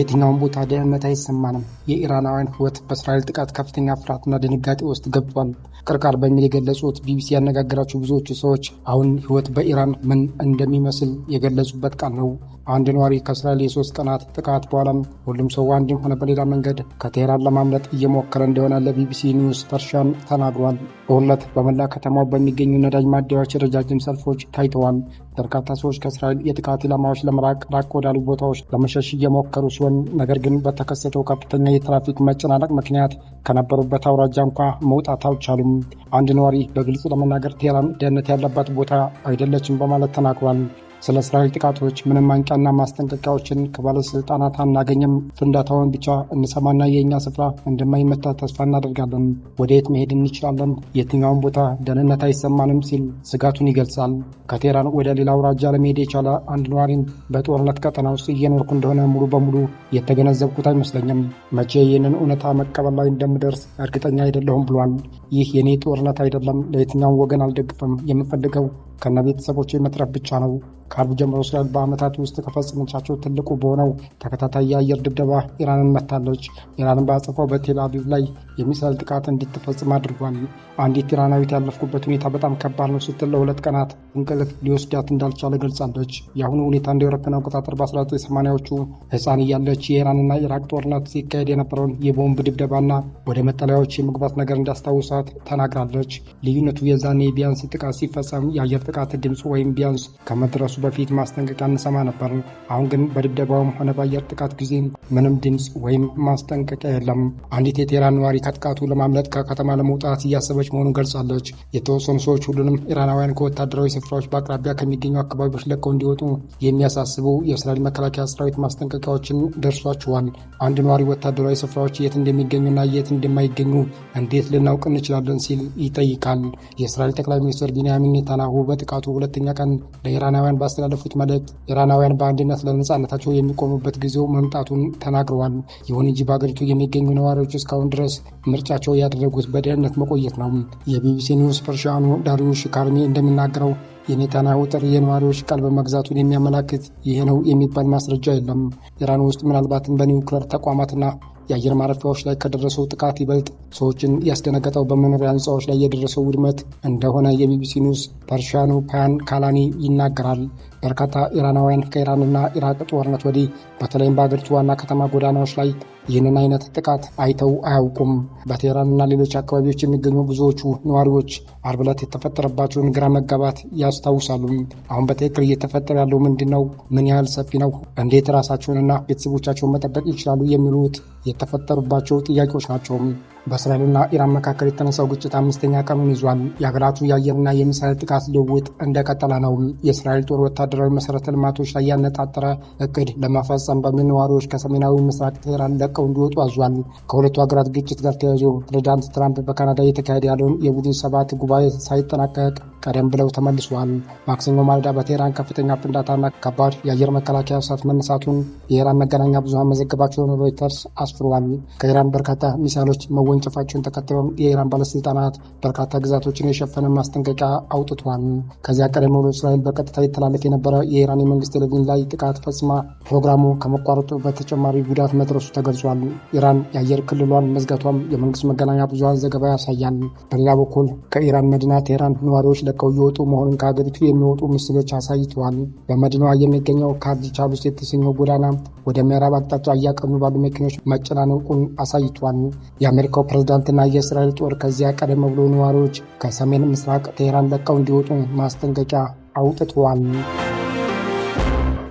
በየትኛውም ቦታ ደህንነት አይሰማንም። የኢራናውያን ሕይወት በእስራኤል ጥቃት ከፍተኛ ፍርሃትና ድንጋጤ ውስጥ ገብቷል። ቅርቃር በሚል የገለጹት ቢቢሲ ያነጋገራቸው ብዙዎቹ ሰዎች አሁን ሕይወት በኢራን ምን እንደሚመስል የገለጹበት ቀን ነው። አንድ ነዋሪ ከእስራኤል የሶስት ቀናት ጥቃት በኋላም ሁሉም ሰው አንድም ሆነ በሌላ መንገድ ከቴህራን ለማምለጥ እየሞከረ እንደሆነ ለቢቢሲ ኒውስ ፐርሻን ተናግሯል። በሁለት በመላ ከተማው በሚገኙ ነዳጅ ማደያዎች ረጃጅም ሰልፎች ታይተዋል። በርካታ ሰዎች ከእስራኤል የጥቃት ኢላማዎች ለመራቅ ራቅ ወዳሉ ቦታዎች ለመሸሽ እየሞከሩ ሲሆን ነገር ግን በተከሰተው ከፍተኛ የትራፊክ መጨናነቅ ምክንያት ከነበሩበት አውራጃ እንኳ መውጣት አልቻሉም። አንድ ነዋሪ በግልጽ ለመናገር ቴህራን ደህንነት ያለባት ቦታ አይደለችም በማለት ተናግሯል። ስለ እስራኤል ጥቃቶች ምንም ማንቂያና ማስጠንቀቂያዎችን ከባለስልጣናት አናገኝም። ፍንዳታውን ብቻ እንሰማና የእኛ ስፍራ እንደማይመታ ተስፋ እናደርጋለን። ወደየት መሄድ እንችላለን? የትኛውን ቦታ ደህንነት አይሰማንም ሲል ስጋቱን ይገልጻል። ከቴራን ወደ ሌላ አውራጃ ለመሄድ የቻለ አንድ ነዋሪን በጦርነት ቀጠና ውስጥ እየኖርኩ እንደሆነ ሙሉ በሙሉ የተገነዘብኩት አይመስለኝም። መቼ ይህንን እውነታ መቀበል ላይ እንደምደርስ እርግጠኛ አይደለሁም ብሏል። ይህ የኔ ጦርነት አይደለም። ለየትኛውን ወገን አልደግፍም። የምፈልገው ከነ ቤተሰቦች መትረፍ ብቻ ነው። ከአርብ ጀምሮ እስራኤል በዓመታት ውስጥ ከፈጸመቻቸው ትልቁ በሆነው ተከታታይ የአየር ድብደባ ኢራንን መታለች። ኢራንን በአጸፋው በቴል አቪቭ ላይ የሚሳይል ጥቃት እንድትፈጽም አድርጓል። አንዲት ኢራናዊት ያለፍኩበት ሁኔታ በጣም ከባድ ነው ስትል ለሁለት ቀናት እንቅልፍ ሊወስዳት እንዳልቻለ ገልጻለች። የአሁኑ ሁኔታ እንደ አውሮፓውያን አቆጣጠር በ1980ዎቹ ሕፃን እያለች የኢራንና ኢራቅ ጦርነት ሲካሄድ የነበረውን የቦምብ ድብደባና ወደ መጠለያዎች የመግባት ነገር እንዳስታውሳት ተናግራለች። ልዩነቱ የዛኔ ቢያንስ ጥቃት ሲፈጸም የአየር የጥቃት ድምፅ ወይም ቢያንስ ከመድረሱ በፊት ማስጠንቀቂያ እንሰማ ነበር። አሁን ግን በድብደባውም ሆነ በአየር ጥቃት ጊዜ ምንም ድምፅ ወይም ማስጠንቀቂያ የለም። አንዲት የቴህራን ነዋሪ ከጥቃቱ ለማምለጥ ከከተማ ለመውጣት እያሰበች መሆኑን ገልጻለች። የተወሰኑ ሰዎች ሁሉንም ኢራናውያን ከወታደራዊ ስፍራዎች በአቅራቢያ ከሚገኙ አካባቢዎች ለቀው እንዲወጡ የሚያሳስቡ የእስራኤል መከላከያ ሰራዊት ማስጠንቀቂያዎችን ደርሷቸዋል። አንድ ነዋሪ ወታደራዊ ስፍራዎች የት እንደሚገኙና የት እንደማይገኙ እንዴት ልናውቅ እንችላለን ሲል ይጠይቃል። የእስራኤል ጠቅላይ ሚኒስትር ቢንያሚን ኔታንያሁ ጥቃቱ ሁለተኛ ቀን ለኢራናውያን ባስተላለፉት መልእክት ኢራናውያን በአንድነት ለነፃነታቸው የሚቆሙበት ጊዜው መምጣቱን ተናግረዋል። ይሁን እንጂ በአገሪቱ የሚገኙ ነዋሪዎች እስካሁን ድረስ ምርጫቸው ያደረጉት በደህንነት መቆየት ነው። የቢቢሲ ኒውስ ፐርሺያኑ ዳሪዩሽ ካርሚ እንደሚናገረው የኔታንያሁ ጥሪ የነዋሪዎች ቀልብ መግዛቱን የሚያመላክት ይሄ ነው የሚባል ማስረጃ የለም። ኢራን ውስጥ ምናልባትም በኒውክለር ተቋማትና የአየር ማረፊያዎች ላይ ከደረሰው ጥቃት ይበልጥ ሰዎችን ያስደነገጠው በመኖሪያ ህንፃዎች ላይ የደረሰው ውድመት እንደሆነ የቢቢሲ ኒውስ ፐርሺያኑ ፓያን ካላኒ ይናገራል። በርካታ ኢራናውያን ከኢራንና ኢራቅ ጦርነት ወዲህ በተለይም በአገሪቱ ዋና ከተማ ጎዳናዎች ላይ ይህንን አይነት ጥቃት አይተው አያውቁም። በቴህራንና ሌሎች አካባቢዎች የሚገኙ ብዙዎቹ ነዋሪዎች አርብ ዕለት የተፈጠረባቸውን ግራ መጋባት ያስታውሳሉ። አሁን በትክክል እየተፈጠረ ያለው ምንድን ነው? ምን ያህል ሰፊ ነው? እንዴት ራሳቸውንና ቤተሰቦቻቸውን መጠበቅ ይችላሉ? የሚሉት የተፈጠሩባቸው ጥያቄዎች ናቸው። በእስራኤልና ኢራን መካከል የተነሳው ግጭት አምስተኛ ቀኑን ይዟል። የሀገራቱ የአየርና የሚሳይል ጥቃት ልውውጥ እንደቀጠለ ነው። የእስራኤል ጦር ወታደራዊ መሰረተ ልማቶች ላይ ያነጣጠረ እቅድ ለመፈጸም በሚል ነዋሪዎች ከሰሜናዊ ምስራቅ ቴህራን ለቀው እንዲወጡ አዟል። ከሁለቱ ሀገራት ግጭት ጋር ተያይዞ ፕሬዚዳንት ትራምፕ በካናዳ እየተካሄደ ያለውን የቡድን ሰባት ጉባኤ ሳይጠናቀቅ ቀደም ብለው ተመልሰዋል። ማክሰኞ ማለዳ በቴህራን ከፍተኛ ፍንዳታና ከባድ የአየር መከላከያ እሳት መነሳቱን የኢራን መገናኛ ብዙሃን መዘገባቸውን ሮይተርስ አስፍሯል። ከኢራን በርካታ ሚሳይሎች መ ወንጭፋቸውን ተከትለው የኢራን ባለስልጣናት በርካታ ግዛቶችን የሸፈነ ማስጠንቀቂያ አውጥቷል። ከዚያ ቀደም ብሎ እስራኤል በቀጥታ ይተላለፍ የነበረ የኢራን የመንግስት ቴሌቪዥን ላይ ጥቃት ፈጽማ ፕሮግራሙ ከመቋረጡ በተጨማሪ ጉዳት መድረሱ ተገልጿል። ኢራን የአየር ክልሏን መዝጋቷም የመንግስት መገናኛ ብዙሃን ዘገባ ያሳያል። በሌላ በኩል ከኢራን መዲና ቴህራን ነዋሪዎች ለቀው እየወጡ መሆኑን ከሀገሪቱ የሚወጡ ምስሎች አሳይተዋል። በመዲናዋ የሚገኘው ካርድ ቻሉስ የተሰኘው ጎዳና ወደ ምዕራብ አቅጣጫ እያቀኑ ባሉ መኪኖች መጨናነቁን አሳይቷል። የአሜሪካ የአሜሪካው ፕሬዝዳንትና የእስራኤል ጦር ከዚያ ቀደም ብሎ ነዋሪዎች ከሰሜን ምስራቅ ቴህራን ለቀው እንዲወጡ ማስጠንቀቂያ አውጥተዋል።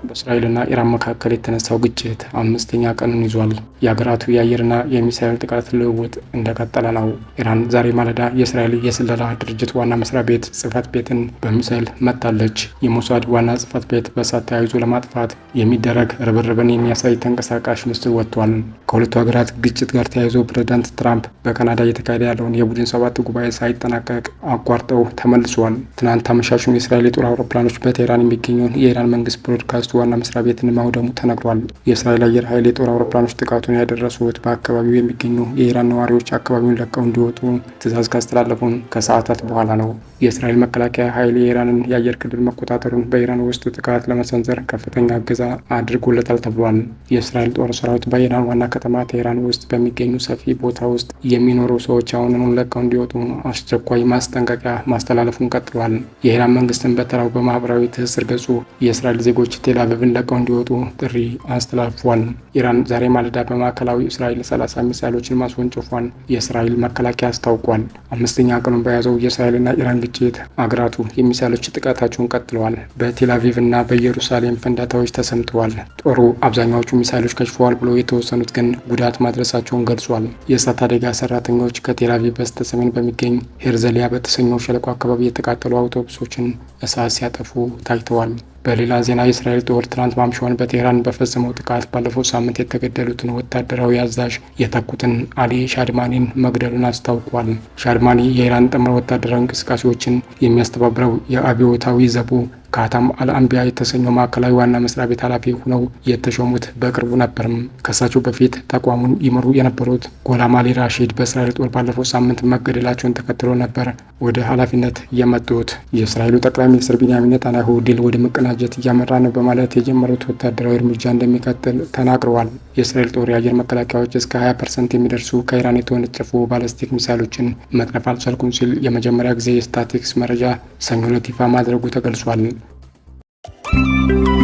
በእስራኤልና ኢራን መካከል የተነሳው ግጭት አምስተኛ ቀኑን ይዟል። የሀገራቱ የአየርና የሚሳኤል ጥቃት ልውውጥ እንደቀጠለ ነው። ኢራን ዛሬ ማለዳ የእስራኤል የስለላ ድርጅት ዋና መስሪያ ቤት ጽህፈት ቤትን በሚሳኤል መታለች። የሞሳድ ዋና ጽህፈት ቤት በእሳት ተያይዞ ለማጥፋት የሚደረግ ርብርብን የሚያሳይ ተንቀሳቃሽ ምስል ወጥቷል። ከሁለቱ ሀገራት ግጭት ጋር ተያይዞ ፕሬዚዳንት ትራምፕ በካናዳ እየተካሄደ ያለውን የቡድን ሰባት ጉባኤ ሳይጠናቀቅ አቋርጠው ተመልሷል። ትናንት አመሻሹን የእስራኤል የጦር አውሮፕላኖች በቴህራን የሚገኘውን የኢራን መንግስት ብሮድካስት ዋና መስሪያ ቤትን ማውደሙ ተነግሯል። የእስራኤል አየር ኃይል የጦር አውሮፕላኖች ጥቃቱን ያደረሱት በአካባቢው የሚገኙ የኢራን ነዋሪዎች አካባቢውን ለቀው እንዲወጡ ትዕዛዝ ካስተላለፉን ከሰዓታት በኋላ ነው። የእስራኤል መከላከያ ኃይል የኢራንን የአየር ክልል መቆጣጠሩን በኢራን ውስጥ ጥቃት ለመሰንዘር ከፍተኛ እገዛ አድርጎለታል ተብሏል። የእስራኤል ጦር ሰራዊት በኢራን ዋና ከተማ ቴህራን ውስጥ በሚገኙ ሰፊ ቦታ ውስጥ የሚኖሩ ሰዎች አሁንን ለቀው እንዲወጡ አስቸኳይ ማስጠንቀቂያ ማስተላለፉን ቀጥሏል። የኢራን መንግስትን በተራው በማህበራዊ ትስስር ገጹ የእስራኤል ዜጎች ቴላቪቭን ለቀው እንዲወጡ ጥሪ አስተላልፏል። ኢራን ዛሬ ማለዳ በማዕከላዊ እስራኤል 30 ሚሳይሎችን ማስወንጭፏን የእስራኤል መከላከያ አስታውቋል። አምስተኛ ቀኑን በያዘው የእስራኤልና ኢራን ስርጭት አግራቱ የሚሳይሎች ጥቃታቸውን ቀጥለዋል። በቴላቪቭ እና በኢየሩሳሌም ፈንዳታዎች ተሰምተዋል። ጦሩ አብዛኛዎቹ ሚሳይሎች ከሽፈዋል ብሎ የተወሰኑት ግን ጉዳት ማድረሳቸውን ገልጿል። የእሳት አደጋ ሰራተኞች ከቴላቪቭ በስተሰሜን በሚገኝ ሄርዘሊያ በተሰኘው ሸለቆ አካባቢ የተቃጠሉ አውቶቡሶችን እሳት ሲያጠፉ ታይተዋል። በሌላ ዜና የእስራኤል ጦር ትናንት ማምሻውን በቴህራን በፈጸመው ጥቃት ባለፈው ሳምንት የተገደሉትን ወታደራዊ አዛዥ የተኩትን አሊ ሻድማኒን መግደሉን አስታውቋል። ሻድማኒ የኢራን ጥምር ወታደራዊ እንቅስቃሴዎችን የሚያስተባብረው የአብዮታዊ ዘቡ ከአታም አልአንቢያ የተሰኘው ማዕከላዊ ዋና መስሪያ ቤት ኃላፊ ሆነው የተሾሙት በቅርቡ ነበርም። ከሳቸው በፊት ተቋሙን ይመሩ የነበሩት ጎላም አሊ ራሺድ በእስራኤል ጦር ባለፈው ሳምንት መገደላቸውን ተከትሎ ነበር ወደ ኃላፊነት የመጡት። የእስራኤሉ ጠቅላይ ሚኒስትር ቢንያሚን ኔታንያሁ ድል ወደ መቀናጀት እያመራ ነው በማለት የጀመሩት ወታደራዊ እርምጃ እንደሚቀጥል ተናግረዋል። የእስራኤል ጦር የአየር መከላከያዎች እስከ 20 ፐርሰንት የሚደርሱ ከኢራን የተወነጨፉ ባለስቲክ ሚሳይሎችን መቅረፍ አልቻልኩም ሲል የመጀመሪያ ጊዜ የስታቲክስ መረጃ ሰኞ ዕለት ይፋ ማድረጉ ተገልጿል። you.